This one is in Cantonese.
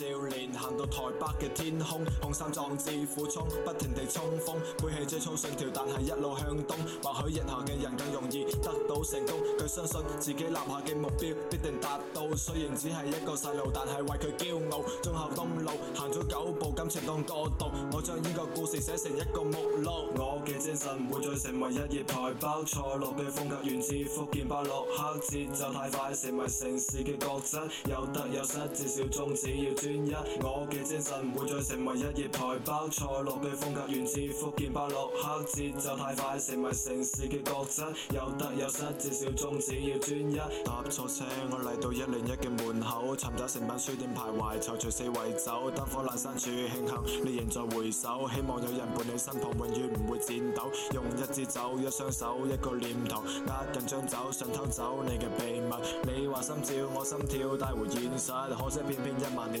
少年行到台北嘅天空，雄心壯志苦衝，不停地衝鋒，背起追蹤信條，但係一路向東。或許日後嘅人更容易得到成功，佢相信自己立下嘅目標必定達到。雖然只係一個細路，但係為佢驕傲。忠孝東路行咗九步，感情當角度，我將呢個故事寫成一個目錄。我嘅精神唔會再成為一夜台北錯落嘅風格原始，源自福建巴洛克節奏太快，成為城市嘅角質，有得有失，至少宗旨要。我嘅精神唔會再成為一頁台胞錯落嘅風格源自福建巴洛克節奏就太快，成為城市嘅角質，有得有失，至少宗旨要專一。搭錯車，我嚟到一零一嘅門口，尋找成品書店徘徊，躊躇四圍走，燈火闌珊處，慶幸你仍在回首，希望有人伴你身旁，永遠唔會戰鬥。用一支酒，一雙手，一個念頭，握緊樽酒想偷走你嘅秘密。你話心照，我心跳，帶回現實，可惜偏偏一萬年。